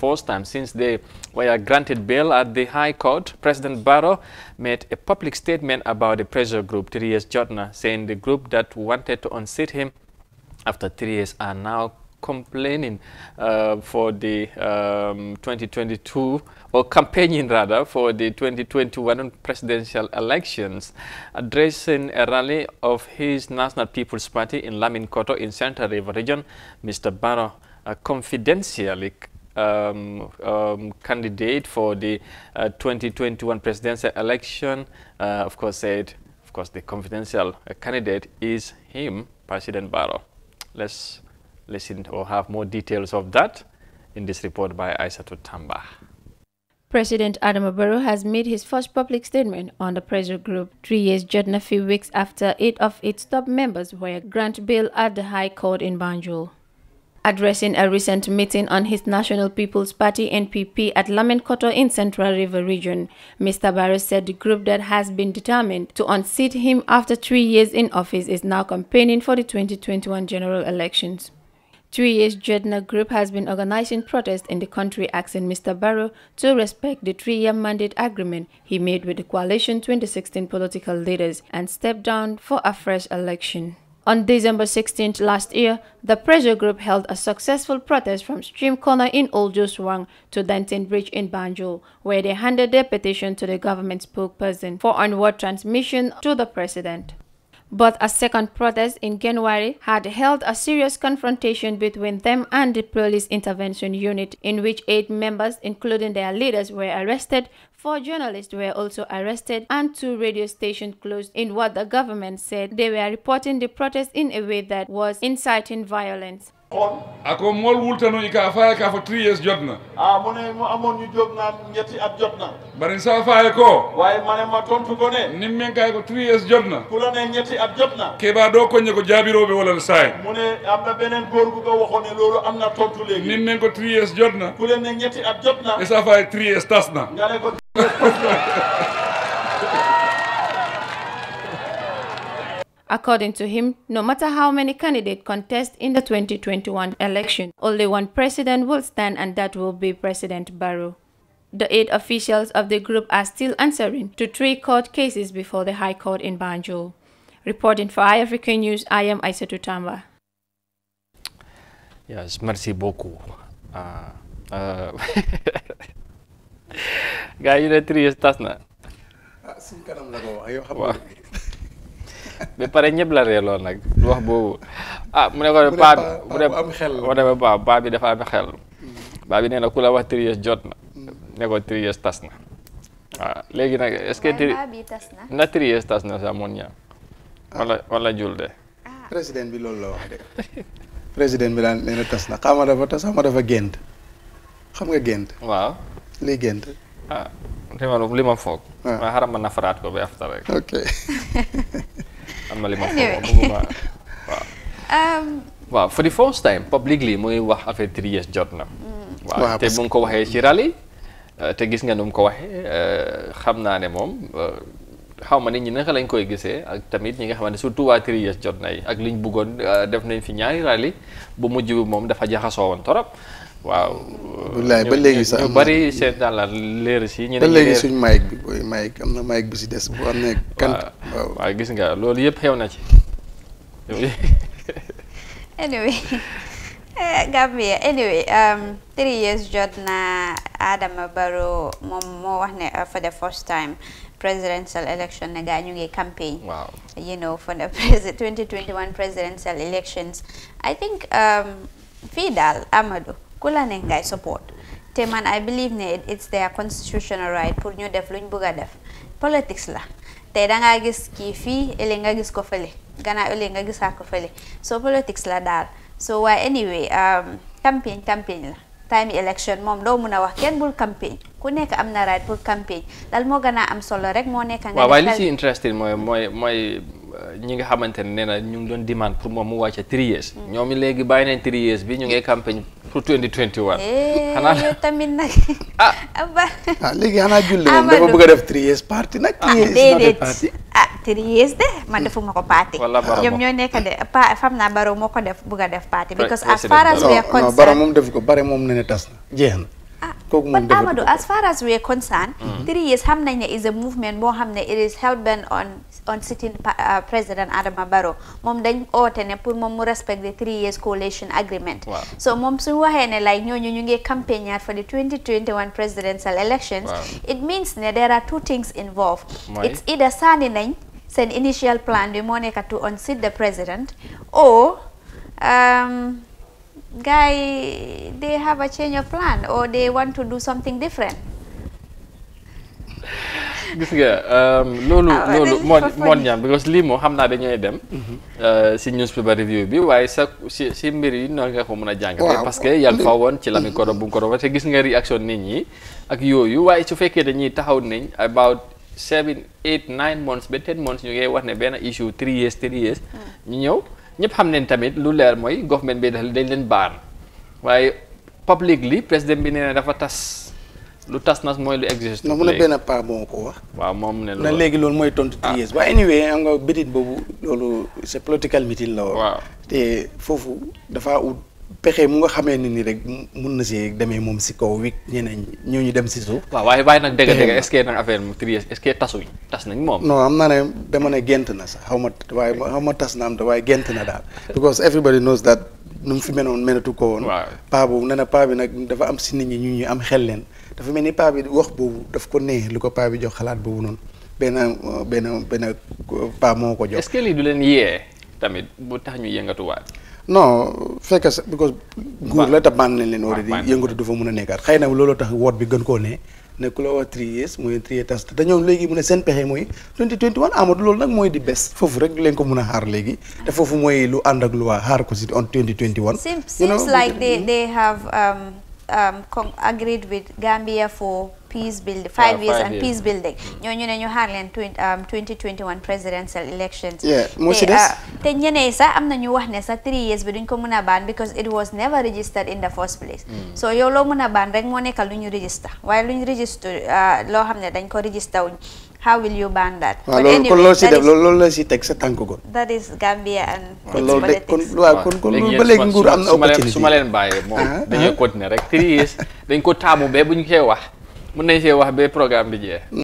first time since they were granted bail at the High Court, President Barrow made a public statement about the pressure group, Therese Jotner, saying the group that wanted to unseat him after three years are now complaining uh, for the um, 2022 or campaigning rather for the 2021 presidential elections addressing a rally of his national people's party in lamin koto in central river region mr barrow uh, confidentially um, um, candidate for the uh, 2021 presidential election, uh, of course, said, of course, the confidential uh, candidate is him, President Barrow. Let's listen or have more details of that in this report by Aisatu Tamba. President Adam Barrow has made his first public statement on the pressure group three years just a few weeks after eight of its top members were granted bail at the High Court in Banjul. Addressing a recent meeting on his National People's Party NPP at Lamenkoto in Central River Region, Mr. Barro said the group that has been determined to unseat him after three years in office is now campaigning for the 2021 general elections. Three years Jedna Group has been organizing protests in the country asking Mr. Barrow to respect the three-year mandate agreement he made with the coalition 2016 political leaders and step down for a fresh election. On December 16th last year, the pressure group held a successful protest from Stream Corner in Old Joswang to Denton Bridge in Banjul, where they handed their petition to the government spokesperson for onward transmission to the president. But a second protest in January had held a serious confrontation between them and the police intervention unit, in which eight members, including their leaders, were arrested. Four journalists were also arrested, and two radio stations closed in what the government said they were reporting the protest in a way that was inciting violence. kon ako mool wultano i ka faye ka fo na a mu ne mu amoon ñu jóg na ñetti at jot na bari sa ko waaye ma ne ma tontu ko ne nim men kay ko three na ku la at jot na keba do ko ñe ko jaabirooɓe walal saay mu ne am na beneen góor gu ko waxoon ne loolu am na tontu léegi nim men ko three years jot na ku la ne ñetti at jot na e sa faye three years tas na nga ne ko three years tas na According to him, no matter how many candidates contest in the 2021 election, only one president will stand and that will be President Barrow. The eight officials of the group are still answering to three court cases before the High Court in Banjul. Reporting for iAfrican News, I am Aisatu Tamba. Yes, merci beaucoup. Uh, uh, Guy, you know, three years, that's not. be pare ñeblare lool nak, wax bo hmm. ah mu ne ko paa am xel mu ne ba ba bi dafa am xel ba bi neena kula wax tries jot na ne ko tries tas na waaw léegi nag est-ce que tri na tries tas na sax moon ñaam wala wala de ah. president bi lool la wax de president bi la neena tas na xama dafa tas xama dafa gént xam nga gént waaw li gént ah li ma li ma ma xaram ah. ma nafaraat ko be aftar rek ok am na li ma foog waaw. Um, waaw for the first time publicly muy wax affaire three years jot na. Mm. waaw te mu ngi ko waxee ci rally. Euh, te gis nga nu mu ko waxee euh, xam naa ne moom euh, xaw ma ne ñi naka lañ koy gisee ak tamit ñi nga xamante surtout waa three years jot na yi ak liñ buggoon def nañ fi ñaari rally bu mujj bi moom dafa jaxasoo woon torop waaw. wallaay ba léegi sax ñu bari seen dàllal leer si. ñu ne ba léegi suñu mic bi booy am na mic bi si des bu am ne gis nga loolu yëpp xew na ci. anyway eh, Gambia anyway um, three years jot na Adama Barrow moom moo wax ne uh, for the first time presidential election na gaa ñu ngi campaign you know for the presidential elections I think um, fii daal ku la nekk ngay support te man I believe ne it's their constitutional right pour ñu def luñ bëgg a def politics la tey dangaa gis kii fii ëllëg nga gis ko fële gannaaw ëllëg nga gisaa ko fële so politics la daal so waaye anyway campagne um, campagne la time election moom doo mun a wax kenn bul campagne ku nekk am na right pour campagne dal moo gën a am solo rek moo nekk nga waaw waaye li ci mooy mooy ñi nga xamante ne nee na ñu ngi doon demande pour moom mu wàcce three years ñoom léegi bàyyi neen three years bi ñu ngay campagne pour 2021. Eh, xanaa yow tamit nag. ah ah léegi xanaa julli moom dafa bëgg def three years nag. ah déedéet ah three years de man defuma ko party. walla baro ñoom ñoo nekk de pa fam naa baro moo ko def bëgg a def party. parce que as far as we are concerned moom def ko bare moom nee na tas jeex na. kooku moom but Amadou as far as we are concerned. Mm-hmm. three years xam nañ ne is a movement boo xam ne it is hell bent on on sitting uh, president Adama Barrow moom dañ oote ne pour moom mu respect the three years coalition agreement. so moom suñu waxee ne like ñooñu ñu ngi campaign for the 2021 presidential elections. it means ne there are two things involved. it's either sànni nañ seen initial plan bi moo nekk to unseat the president or. Um, guy they have a change of plan or they want to do something different gis nga um, loolu ah, loolu moo moo ñam because lii moom xam naa dañuy dem uh, si newspaper review bi waaye sa si si mbir yi noonu nga ko mën a jàngate parce que yaa fa woon ci lami koro bu koro te gis nga reaction nit ñi ak yooyu waaye su fekkee dañuy taxaw nañ about seven eight nine months ba ten months ñu ngi wax ne benn issue three years three years ñu ñëw ñëpp xam nañ tamit lu leer mooy government bi dañ leen baar waaye public li président bi nee na dafa tas lu tas nas mooy lu existe. non mu ne benn paa moo ko wax. waaw moom ne loolu léegi loolu mooy tontu. ah ba anyway am nga bëtit boobu loolu c'est political meeting la woon. waaw te foofu dafa ut. pexe mu nga xamee ni nii rek mun na see demee moom si kaw wi ñeneen ñoo ñu dem si suuf. waaw waaye waaye nag dégg dégg est-ce nag affaire mu trier est-ce que tasuñ tas nañ moom. non am naa ne dama ne gént na sax xaw ma waaye xaw ma tas na am waaye gént na daal. because everybody knows that nu mu fi menoon menatu ko woon. waaw paa boobu nee na paa bi nag dafa am si nit ñi ñu ñu am xel leen dafa mel ni paa bi wax boobu daf ko nee lu ko paa bi jox xalaat boobu noonu benn benn benn paa moo ko jox. est-ce du leen yee tamit bu tax ñu yëngatuwaat. non fekk sa because nguur la te bànn leen already du fa mun a nekkaat xëy na looloo tax woot bi gën koo ne ne ku la wax three years mooy three years tas te ñoom léegi mu ne seen pexe mooy 2021 Amadou nag mooy di bes foofu rek leen ko mun a xaar léegi te foofu mooy lu ànd ak lu waa xaar ko si on 2021 seems like they have um, um, agreed with Gambia for peace building, five, five years five and years. peace building. ñoo ñu ne ñu xaar leen um, twenty twenty one presidential elections. moo si des te uh, ñeneen sax am na ñu wax ne sa three years bi duñ ko mën a baan because it was never registered in the first place. Mm. so yow loo mën a baan rek moo nekkal lu ñu register waaye lu ñu register uh, loo xam ne dañ ko register wuñ. how will you ban that. waaw ah, loolu kon si def loolu la si teg sa tànk ko. that is Gambia and. kon loolu de kon waaw kon kon ba am na opportunité su ma leen bàyyee moom ah, ah. dañuy continuer rek three years dañ ko taamu ba bu ñu koy wax mun nañ see wax ba programme bi jeex.